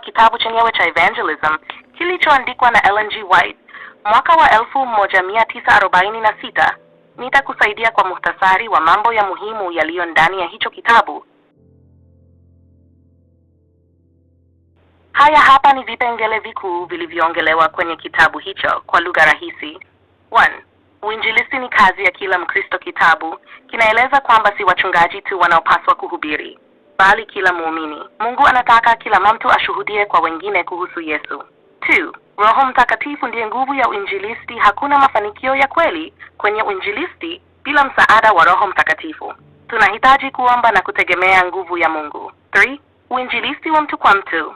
kitabu chenyewe cha Evangelism kilichoandikwa na Ellen G. White mwaka wa elfu moja Nitakusaidia kwa muhtasari wa mambo ya muhimu yaliyo ndani ya hicho kitabu. Haya hapa ni vipengele vikuu vilivyoongelewa kwenye kitabu hicho kwa lugha rahisi. 1. Uinjilisti ni kazi ya kila Mkristo. Kitabu kinaeleza kwamba si wachungaji tu wanaopaswa kuhubiri bali kila muumini. Mungu anataka kila mtu ashuhudie kwa wengine kuhusu Yesu. Two, Roho Mtakatifu ndiye nguvu ya uinjilisti. Hakuna mafanikio ya kweli kwenye uinjilisti bila msaada wa Roho Mtakatifu. Tunahitaji kuomba na kutegemea nguvu ya Mungu. Three, uinjilisti wa mtu kwa mtu.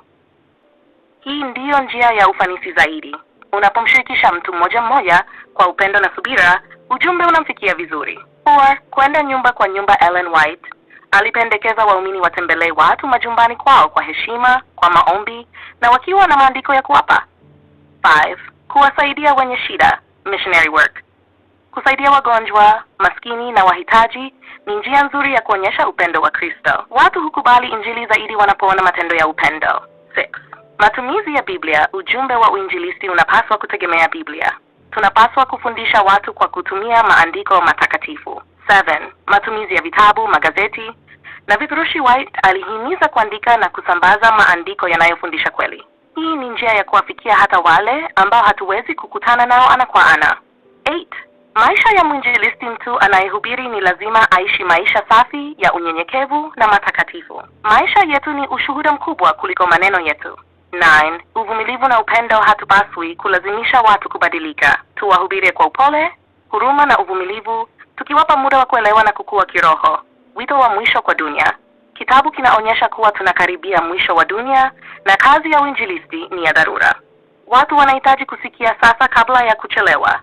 Hii ndiyo njia ya ufanisi zaidi. Unapomshirikisha mtu mmoja mmoja kwa upendo na subira, ujumbe unamfikia vizuri. Four, kwenda nyumba kwa nyumba. Ellen White Alipendekeza waumini watembelee watu majumbani kwao kwa heshima, kwa maombi na wakiwa na maandiko ya kuwapa. 5. Kuwasaidia wenye shida, missionary work. Kusaidia wagonjwa, maskini na wahitaji ni njia nzuri ya kuonyesha upendo wa Kristo. Watu hukubali injili zaidi wanapoona matendo ya upendo. 6. Matumizi ya Biblia. Ujumbe wa uinjilisti unapaswa kutegemea Biblia. Tunapaswa kufundisha watu kwa kutumia maandiko matakatifu. 7. Matumizi ya vitabu, magazeti na vipurushi White alihimiza kuandika na kusambaza maandiko yanayofundisha kweli. Hii ni njia ya kuwafikia hata wale ambao hatuwezi kukutana nao ana kwa ana. 8. Maisha ya mwinjilisti, mtu anayehubiri ni lazima aishi maisha safi ya unyenyekevu na matakatifu. Maisha yetu ni ushuhuda mkubwa kuliko maneno yetu. 9. Uvumilivu na upendo, hatupaswi kulazimisha watu kubadilika. tuwahubire kwa upole, huruma na uvumilivu tukiwapa muda wa kuelewa na kukua kiroho. Wito wa mwisho kwa dunia. Kitabu kinaonyesha kuwa tunakaribia mwisho wa dunia na kazi ya uinjilisti ni ya dharura. Watu wanahitaji kusikia sasa kabla ya kuchelewa.